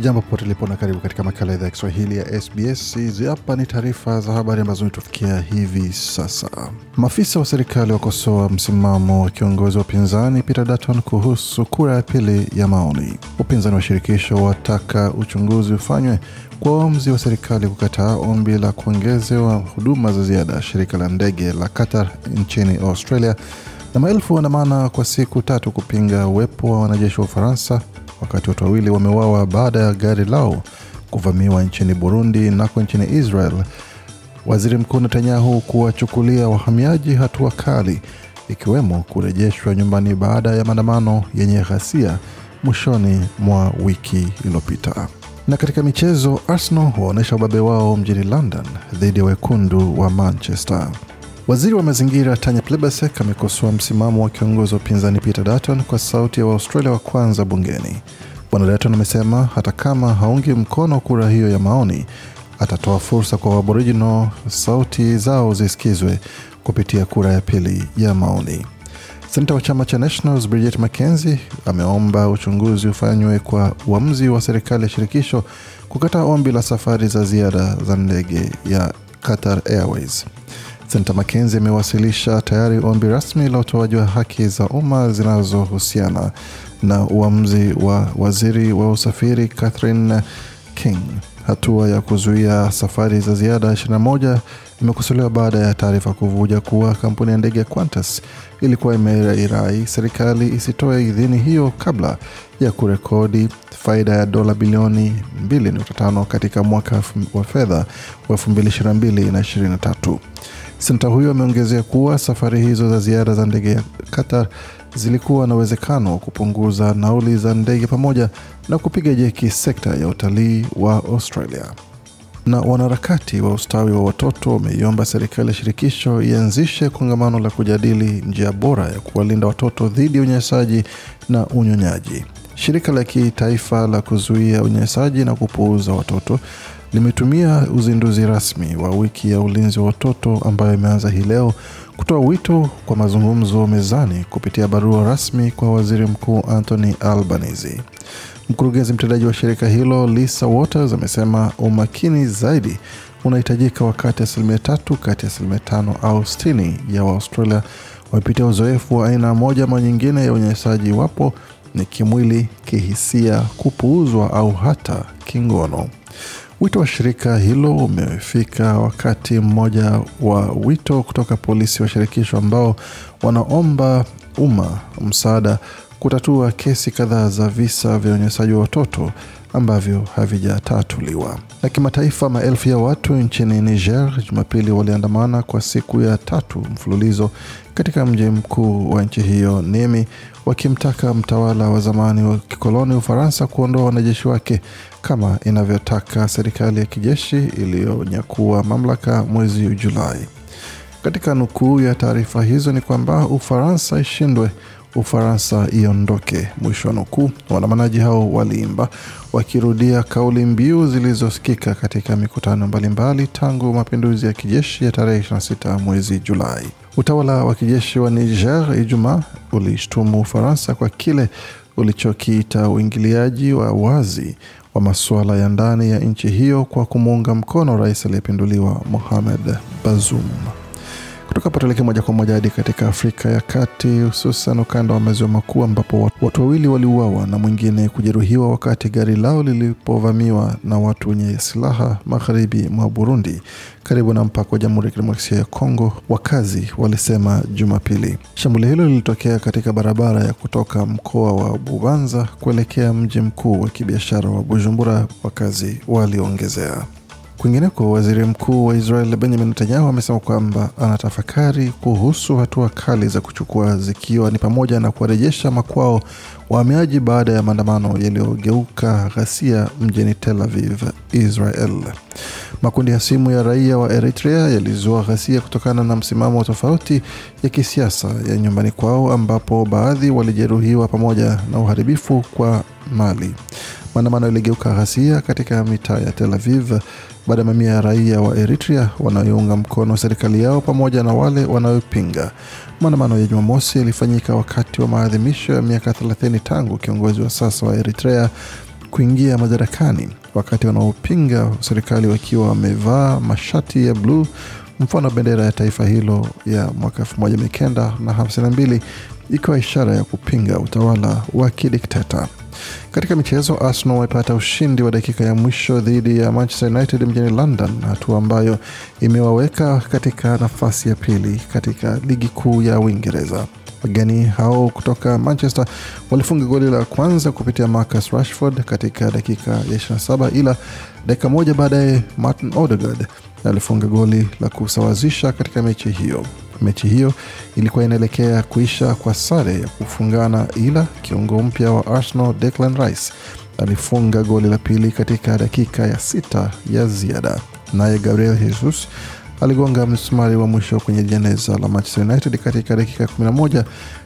Jambo popote lipo na karibu katika makala idhaa ya Kiswahili ya SBS. Hizi hapa ni taarifa za habari ambazo imetufikia hivi sasa. Maafisa wa serikali wakosoa msimamo wa kiongozi wa upinzani Peter Dutton kuhusu kura ya pili ya maoni. Upinzani wa shirikisho wataka uchunguzi ufanywe kwa uamuzi wa serikali kukataa ombi la kuongezewa huduma za ziada shirika la ndege la Qatar nchini Australia, na maelfu waandamana kwa siku tatu kupinga uwepo wa wanajeshi wa Ufaransa wakati watu wawili wameuawa baada ya gari lao kuvamiwa nchini Burundi nako nchini Israel. Waziri Mkuu Netanyahu kuwachukulia wahamiaji hatua kali ikiwemo kurejeshwa nyumbani baada ya maandamano yenye ghasia mwishoni mwa wiki iliyopita. Na katika michezo, Arsenal waonyesha ubabe wao mjini London dhidi ya wekundu wa Manchester. Waziri wa mazingira Tanya Plibersek amekosoa msimamo wa kiongozi wa upinzani Peter Dutton kwa sauti ya Waaustralia wa kwanza bungeni. Bwana Dutton amesema hata kama haungi mkono kura hiyo ya maoni, atatoa fursa kwa Aboriginal sauti zao zisikizwe kupitia kura ya pili ya maoni. Senata wa chama cha Nationals Bridget McKenzie ameomba uchunguzi ufanywe kwa uamuzi wa serikali ya shirikisho kukataa ombi la safari za ziada za ndege ya Qatar Airways. Senta Makenzi amewasilisha tayari ombi rasmi la utoaji wa haki za umma zinazohusiana na uamuzi wa waziri wa usafiri Catherine King. Hatua ya kuzuia safari za ziada 21 imekosolewa baada ya taarifa kuvuja kuwa kampuni ya ndege ya Qantas ilikuwa imeirai serikali isitoe idhini hiyo kabla ya kurekodi faida ya dola bilioni 2.5 katika mwaka wa fedha wa 2022 na 23 senta huyo ameongezea kuwa safari hizo za ziara za ndege ya Qatar zilikuwa na uwezekano wa kupunguza nauli za ndege pamoja na kupiga jeki sekta ya utalii wa Australia. Na wanaharakati wa ustawi wa watoto wameiomba serikali ya shirikisho ianzishe kongamano la kujadili njia bora ya kuwalinda watoto dhidi ya unyanyasaji na unyonyaji. Shirika la kitaifa la kuzuia unyanyasaji na kupuuza watoto limetumia uzinduzi rasmi wa wiki ya ulinzi wa watoto ambayo imeanza hii leo kutoa wito kwa mazungumzo mezani kupitia barua rasmi kwa waziri mkuu Anthony Albanese. Mkurugenzi mtendaji wa shirika hilo Lisa Waters amesema umakini zaidi unahitajika wakati asilimia tatu kati ya asilimia tano au sitini ya Waaustralia wamepitia uzoefu wa aina moja ama nyingine ya unyanyasaji, iwapo ni kimwili, kihisia, kupuuzwa au hata kingono. Wito wa shirika hilo umefika wakati mmoja wa wito kutoka polisi wa shirikisho ambao wanaomba umma msaada kutatua kesi kadhaa za visa vya unyanyasaji wa watoto ambavyo havijatatuliwa. Na kimataifa, maelfu ya watu nchini Niger Jumapili waliandamana kwa siku ya tatu mfululizo katika mji mkuu wa nchi hiyo Niamey, wakimtaka mtawala wa zamani wa kikoloni Ufaransa kuondoa wanajeshi wake kama inavyotaka serikali ya kijeshi iliyonyakua mamlaka mwezi Julai. Katika nukuu ya taarifa hizo ni kwamba Ufaransa ishindwe, Ufaransa iondoke, mwisho wa nukuu. Waandamanaji hao waliimba wakirudia kauli mbiu zilizosikika katika mikutano mbalimbali tangu mapinduzi ya kijeshi ya tarehe 26 mwezi Julai. Utawala wa kijeshi wa Niger Ijumaa ulishtumu Ufaransa kwa kile ulichokiita uingiliaji wa wazi wa masuala ya ndani ya nchi hiyo kwa kumuunga mkono rais aliyepinduliwa Mohamed Bazoum. Kutoka tuelekee moja kwa moja hadi katika Afrika ya Kati, hususan ukanda wa maziwa makuu, ambapo watu wawili waliuawa na mwingine kujeruhiwa wakati gari lao lilipovamiwa na watu wenye silaha magharibi mwa Burundi, karibu na mpaka wa Jamhuri ya Kidemokrasia ya Kongo, wakazi walisema Jumapili. Shambulio hilo lilitokea katika barabara ya kutoka mkoa wa Bubanza kuelekea mji mkuu wa kibiashara wa Bujumbura, wakazi waliongezea. Kwingineko, waziri mkuu wa Israel Benjamin Netanyahu amesema kwamba anatafakari kuhusu hatua kali za kuchukua zikiwa ni pamoja na kuwarejesha makwao wahamiaji baada ya maandamano yaliyogeuka ghasia mjini Tel Aviv, Israel. Makundi hasimu ya raia wa Eritrea yalizua ghasia kutokana na msimamo tofauti ya kisiasa ya nyumbani kwao, ambapo baadhi walijeruhiwa pamoja na uharibifu kwa mali. Maandamano yaligeuka ghasia katika mitaa ya Tel Aviv baada ya mamia ya raia wa Eritrea wanaoiunga mkono serikali yao pamoja na wale wanaoipinga. Maandamano ya Jumamosi yalifanyika wakati wa maadhimisho ya miaka 30 tangu kiongozi wa sasa wa Eritrea kuingia madarakani, wakati wanaopinga serikali wakiwa wamevaa mashati ya bluu mfano bendera ya taifa hilo ya mwaka 1952 ikiwa ishara ya kupinga utawala wa kidikteta. Katika michezo, Arsenal wamepata ushindi wa dakika ya mwisho dhidi ya Manchester United mjini London, hatua ambayo imewaweka katika nafasi ya pili katika ligi kuu ya Uingereza. Wageni hao kutoka Manchester walifunga goli la kwanza kupitia Marcus Rashford katika dakika ya 27, ila dakika moja baadaye Martin Odegaard alifunga goli la kusawazisha katika mechi hiyo. Mechi hiyo ilikuwa inaelekea kuisha kwa sare ya kufungana, ila kiungo mpya wa Arsenal Declan Rice alifunga goli la pili katika dakika ya sita ya ziada, naye Gabriel Jesus aligonga msumari wa mwisho kwenye jeneza la Manchester United katika dakika 11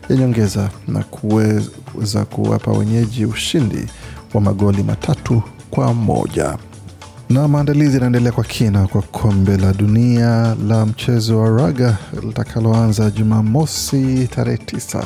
ya nyongeza na kuweza kuwapa wenyeji ushindi wa magoli matatu kwa moja na maandalizi yanaendelea kwa kina kwa kombe la dunia la mchezo wa raga litakaloanza Jumamosi tarehe tisa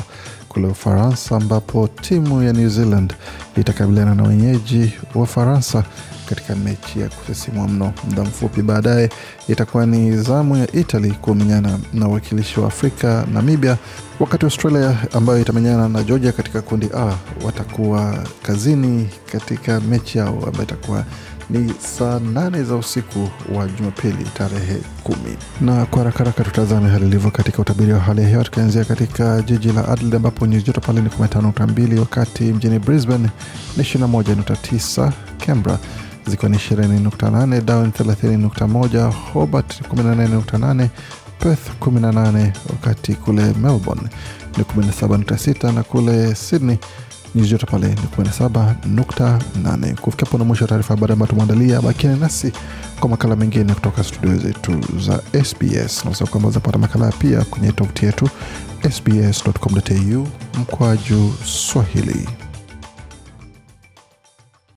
kule Ufaransa, ambapo timu ya New Zealand itakabiliana na wenyeji wa Faransa katika mechi ya kusisimwa mno. Muda mfupi baadaye itakuwa ni zamu ya Italy kumenyana na uwakilishi wa Afrika Namibia, wakati Australia ambayo itamenyana na Georgia katika kundi A watakuwa kazini katika mechi yao ambayo itakuwa ni saa nane za usiku wa Jumapili tarehe kumi. Na kwa rakaraka tutazame hali ilivyo katika utabiri wa hali ya hewa, tukianzia katika jiji la Adelaide ambapo nyuzi joto pale ni 15.2, wakati mjini Brisbane ni 21.9, Canberra zikiwa ni 20.8, Darwin 30.1, Hobart 18.8, Perth 18, wakati kule Melbourne ni 17.6 na kule Sydney joto pale ni 17.8. Kufikia hapo na mwisho wa taarifa habari ambayo tumeandalia, bakiani nasi kwa makala mengine kutoka studio zetu za SBS na kwamba zapata makala pia kwenye tovuti yetu sbs.com.au juu Swahili.